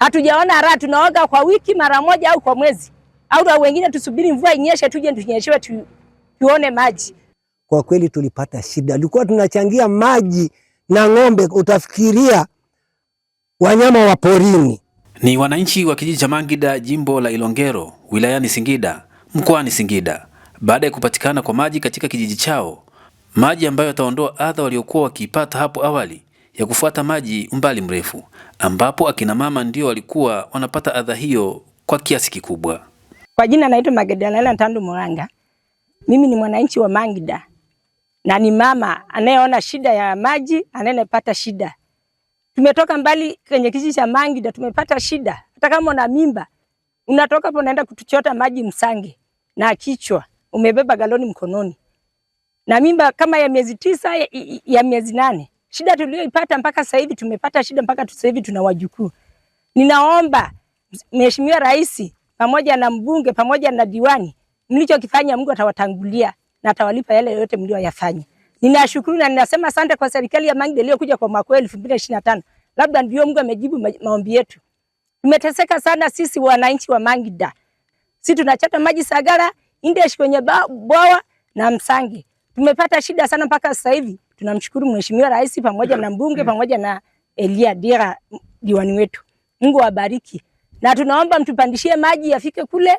hatujaona raha. Tunaoga kwa wiki mara moja au kwa mwezi, au wengine tusubiri mvua inyeshe tuje tunyeshewe tu, tuone maji. Kwa kweli tulipata shida, tulikuwa tunachangia maji na ng'ombe, utafikiria wanyama wa porini. Ni wananchi wa kijiji cha Mangida, jimbo la Ilongero, wilayani Singida, mkoani Singida, baada ya kupatikana kwa maji katika kijiji chao, maji ambayo yataondoa adha waliokuwa wakiipata hapo awali ya kufuata maji umbali mrefu, ambapo akina mama ndio walikuwa wanapata adha hiyo kwa kiasi kikubwa. Kwa jina naitwa Magdalena Tandu Muranga. Mimi ni mwananchi wa Mangida na ni mama anayeona shida ya maji, anayepata shida. Tumetoka mbali kwenye kijiji cha Mangida, tumepata shida. Hata kama una mimba unatoka hapo unaenda kutuchota maji Msange na kichwa umebeba galoni mkononi na mimba kama ya miezi tisa ya miezi nane Shida tulioipata mpaka sasa hivi, tumepata shida mpaka sasa hivi tuna wajukuu. Ninaomba Mheshimiwa Rais pamoja na mbunge pamoja na diwani, mlichokifanya Mungu atawatangulia na atawalipa yale yote mlioyafanya. Ninashukuru na ninasema asante kwa serikali ya Magdi iliyokuja kwa mwaka 2025. Labda ndio Mungu amejibu maombi yetu. Tumeteseka sana sisi wananchi wa Mangida. Sisi tunachota maji Sagara, Indesh kwenye bwawa na Msangi. Tumepata shida sana mpaka sasa hivi. Tunamshukuru Mheshimiwa Rais pamoja na mbunge pamoja na Elia Dira diwani wetu. Mungu awabariki. Na tunaomba mtupandishie maji yafike kule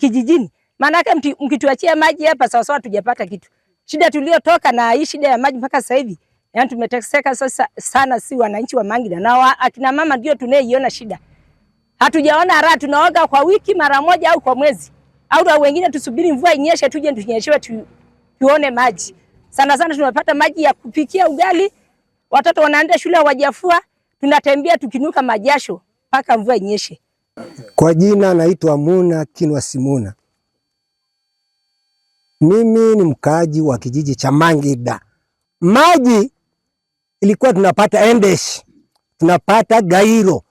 kijijini. Maana yake mkituachia maji hapa sawa sawa tujapata kitu. Shida tuliyotoka na hii shida ya maji mpaka sasa hivi. Yaani tumeteseka sasa sana si wananchi wa Mangida na wa, akina mama ndio tunayeiona shida. Hatujaona raha, tunaoga kwa wiki mara moja au kwa mwezi. Au wengine tusubiri mvua inyeshe tuje tunyeshewe tu, tuone maji. Sana sana tunapata maji ya kupikia ugali, watoto wanaenda shule hawajafua, tunatembea tukinuka majasho mpaka mvua inyeshe. Kwa jina naitwa Muna Kinwa Simuna. Mimi ni mkaaji wa kijiji cha Mangida. Maji ilikuwa tunapata endesh, tunapata Gairo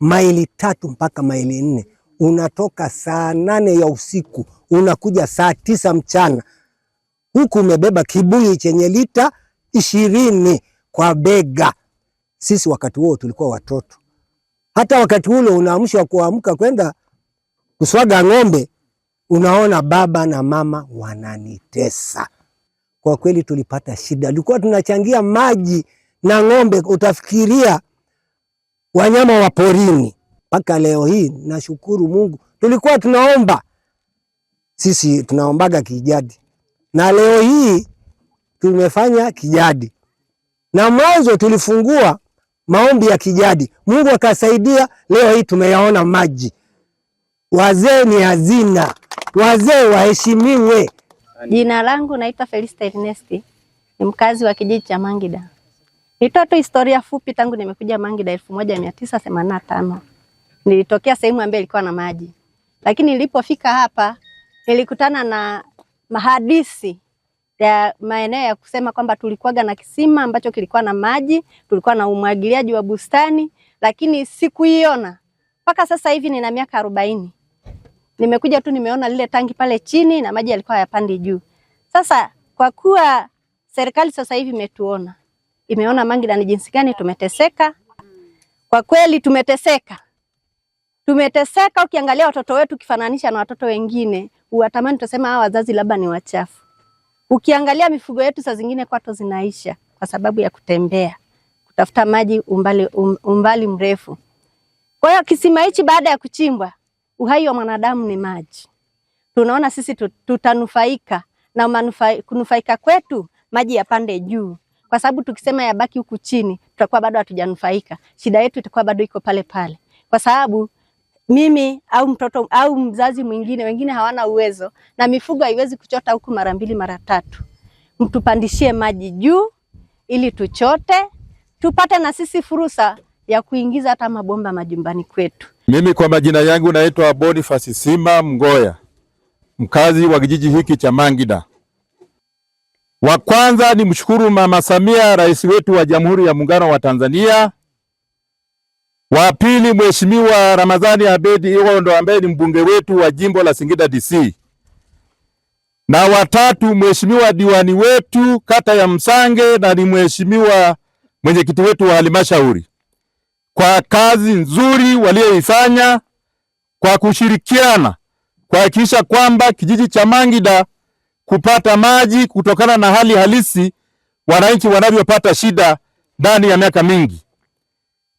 maili tatu mpaka maili nne. Unatoka saa nane ya usiku unakuja saa tisa mchana huku umebeba kibuyu chenye lita ishirini kwa bega. Sisi wakati huo tulikuwa watoto, hata wakati ule unaamsha kuamka kwenda kuswaga ng'ombe, unaona baba na mama wananitesa. Kwa kweli tulipata shida, tulikuwa tunachangia maji na ng'ombe, utafikiria wanyama wa porini. Mpaka leo hii nashukuru Mungu, tulikuwa tunaomba sisi tunaombaga kijadi na leo hii tumefanya kijadi, na mwanzo tulifungua maombi ya kijadi, Mungu akasaidia. Leo hii tumeyaona maji. Wazee ni hazina, wazee waheshimiwe. Jina langu naitwa Felista Ernest, ni mkazi wa kijiji cha Mangida. Nitoto historia fupi, tangu nimekuja Mangida 1985 nilitokea sehemu ambayo ilikuwa na maji, lakini nilipofika hapa nilikutana na mahadisi ya maeneo ya kusema kwamba tulikuwaga na kisima ambacho kilikuwa na maji, tulikuwa na umwagiliaji wa bustani, lakini sikuiona mpaka sasa hivi. Nina miaka arobaini, nimekuja tu nimeona lile tangi pale chini na maji yalikuwa yapandi juu. Sasa kwa kuwa serikali sasa hivi imetuona, imeona Mangida ni jinsi gani tumeteseka. Kwa kweli tumeteseka, tumeteseka. Ukiangalia watoto wetu ukifananisha na watoto wengine watamani tutasema hawa wazazi labda ni wachafu. Ukiangalia mifugo yetu saa zingine kwato zinaisha kwa sababu ya kutembea kutafuta maji umbali, um, umbali mrefu. Kwa hiyo kisima hichi baada ya kuchimbwa, uhai wa mwanadamu ni maji. Tunaona sisi tutanufaika na kunufaika kwetu maji yapande juu, kwa sababu tukisema yabaki huku chini tutakuwa bado hatujanufaika. Shida yetu itakuwa bado iko pale pale, kwa sababu mimi au mtoto au mzazi mwingine, wengine hawana uwezo na mifugo haiwezi kuchota huku mara mbili mara tatu, mtupandishie maji juu ili tuchote, tupate na sisi fursa ya kuingiza hata mabomba majumbani kwetu. Mimi kwa majina yangu naitwa Bonifasi Sima Mgoya, mkazi wa kijiji hiki cha Mangida. Wa kwanza ni mshukuru Mama Samia, rais wetu wa Jamhuri ya Muungano wa Tanzania wa pili Mheshimiwa Ramadhani Abedi Ondo ambaye ni mbunge wetu wa jimbo la Singida DC, na watatu Mheshimiwa diwani wetu kata ya Msange na ni Mheshimiwa mwenyekiti wetu wa halmashauri kwa kazi nzuri walioifanya kwa kushirikiana kuhakikisha kwamba kijiji cha Mangida kupata maji kutokana na hali halisi wananchi wanavyopata shida ndani ya miaka mingi.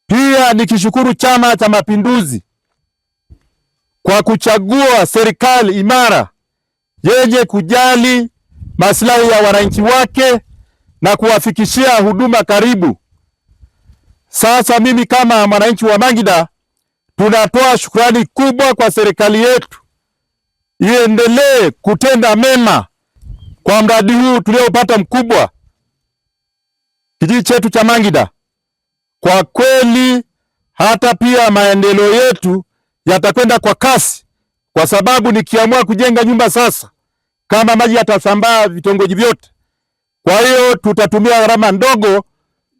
Pia nikishukuru Chama cha Mapinduzi kwa kuchagua serikali imara yenye kujali maslahi ya wananchi wake na kuwafikishia huduma karibu. Sasa mimi kama mwananchi wa Mangida, tunatoa shukrani kubwa kwa serikali yetu, iendelee kutenda mema kwa mradi huu tuliopata mkubwa, kijiji chetu cha Mangida. Kwa kweli hata pia maendeleo yetu yatakwenda kwa kasi, kwa sababu nikiamua kujenga nyumba sasa, kama maji yatasambaa vitongoji vyote, kwa hiyo tutatumia gharama ndogo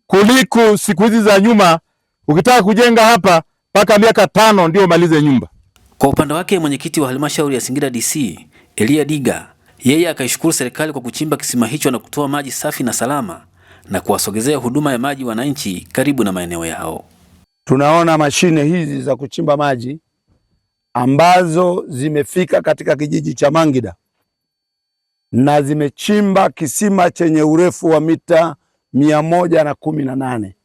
kuliko siku hizi za nyuma. Ukitaka kujenga hapa mpaka miaka tano ndio umalize nyumba. Kwa upande wake mwenyekiti wa halmashauri ya Singida DC Elia Diga, yeye akaishukuru serikali kwa kuchimba kisima hicho na kutoa maji safi na salama na kuwasogezea huduma ya maji wananchi karibu na maeneo yao. Tunaona mashine hizi za kuchimba maji ambazo zimefika katika kijiji cha Mangida na zimechimba kisima chenye urefu wa mita mia moja na kumi na nane.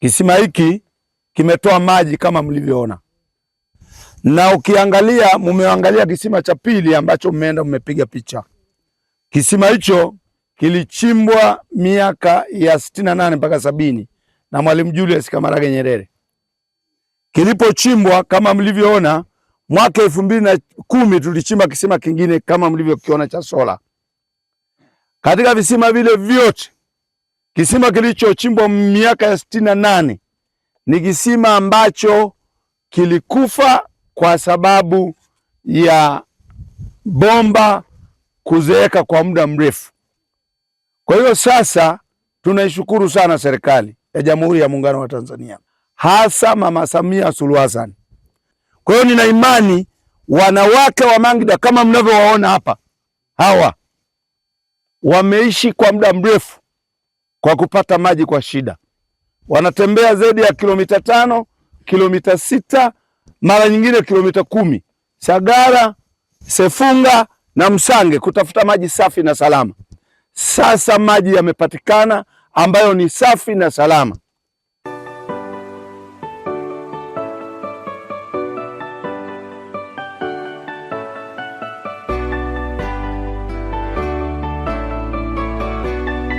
Kisima hiki kimetoa maji kama mlivyoona, na ukiangalia, mumeangalia kisima cha pili ambacho mmeenda mmepiga picha. Kisima hicho kilichimbwa miaka ya sitini na nane mpaka sabini na Mwalimu Julius Kamarage Nyerere. Kilipochimbwa kama mlivyoona, mwaka elfu mbili na kumi tulichimba kisima kingine kama mlivyokiona cha sola. Katika visima vile vyote, kisima kilichochimbwa miaka ya sitini na nane ni kisima ambacho kilikufa kwa sababu ya bomba kuzeeka kwa muda mrefu. Kwa hiyo sasa tunaishukuru sana serikali ya Jamhuri ya Muungano wa Tanzania, hasa Mama Samia Suluhu Hassan. Kwa hiyo nina imani wanawake wa Mangida kama mnavyowaona hapa, hawa wameishi kwa muda mrefu kwa kupata maji kwa shida, wanatembea zaidi ya kilomita tano, kilomita sita, mara nyingine kilomita kumi Sagara, Sefunga na Msange kutafuta maji safi na salama. Sasa maji yamepatikana ambayo ni safi na salama.